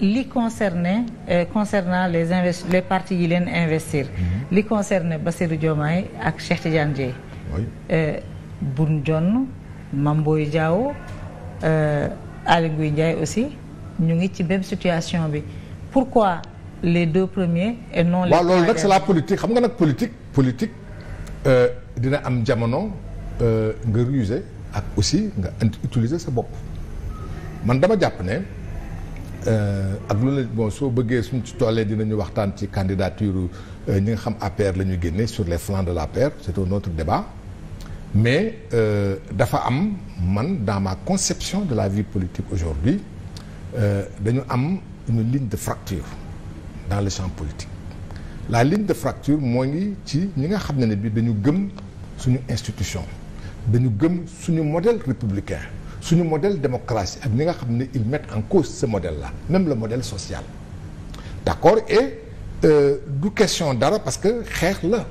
li concerné eh, concernant les invest les partis yi leen investir. Mm -hmm. li concerné Bassirou Diomaye ak Cheikh Tidiane Dièye. oui eh, Boun Dionne Mame Boye Diao euh, Aly Ngouille Ndiaye aussi ñu ngi ci même situation bi pourquoi les deux premiers et non. les waaw loolu nag c'est la politique xam nga nag politique politique euh, dina am jamono euh, nga ruser ak aussi nga utiliser sa bopp man dama jàpp ne. Euh, ak lu la bon soo bëggee suñ ci tollee dinañu waxtaan ci candidature euh, ñi nga xam APR la ñu génne sur les flancs de l'APR c'est un autre débat mais euh, dafa am man dans ma conception de la vie politique aujourd'hui dañu am une ligne de fracture dans le champ politique la ligne de fracture moo ngi ci ñi nga xam ne ne bi dañu gëm suñu institution dañu gëm suñu modèle républicain suñu modèle démocratie ak ñi nga xam ne ils mettent en cause ce modèle la même le modèle social d'accord e du question dara parce que xeex la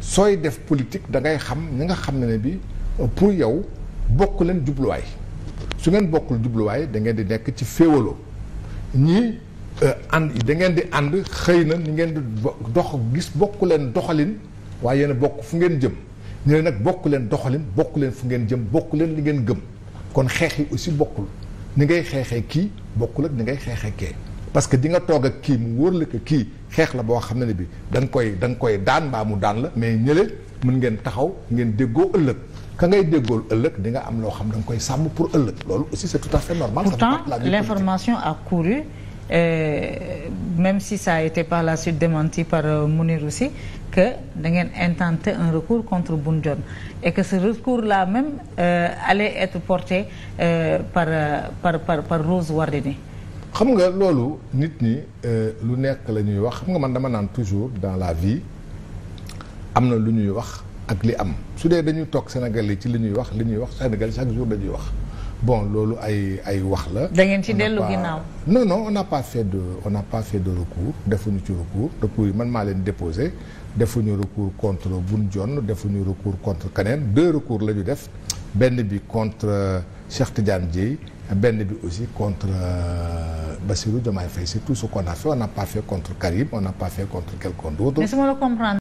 sooy def politique da ngay xam ñi nga xam ne ne bi euh, pour yow bokk leen jubluwaay su ngeen bokkul jubluwaay da ngeen di nekk ci féewaloo ñii euh, ànd da ngeen di ànd xëy na ni ngeen di dox gis bokk leen doxalin waaye yéen bokk fu ngeen jëm ñu ne nag bokk leen doxalin bokk leen fu ngeen jëm bokk leen li ngeen gëm kon xeex yi aussi bokkul ni ngay xeexee kii bokkul ak ni ngay xeexee ke parce que di nga toog ak kii mu wóor la kii xeex la boo xam ne bi da nga koy da nga koy daan mbaa mu daan la mais ñële mën ngeen taxaw ngeen déggoo ëllëg ka ngay déggool ëllëg di nga am loo xam da nga koy sàmm pour ëllëg loolu aussi c'est tout à fait normal. pourtant l'information a couru. Euh... même si sa a été par la suite démenti par euh, Mounir aussi que da ngeen intenté un recours contre Boun Dionne et que ce recours là même euh, allait être porté euh, par euh, par par par Rose Wardini. xam nga loolu nit ñi euh, lu nekk la ñuy wax xam nga man dama naan toujours dans la vie am na lu ñuy wax ak li am su dee dañuy toog Sénégal yi ci li ñuy wax li ñuy wax Sénégal chaque jour dañuy wax. bon loolu ay ay wax la. da ngeen ci dellu ginnaaw. non non on n'a pas fait de on n'a pas fait de recours defuñu ci recours recours yi man maa leen déposé defu ñu recours contre Boun Dionne defuñu recours contre keneen deux recours la ñu def benn bi contre euh, Cheikh Tidiane Dièye benn bi aussi contre euh, Bassirou Diomaye Faye c'est tout su qu'on a on n'a pas fait contre Karim on n'a pas fait contre quelqu'un d'autre. mais su ma la comprendre.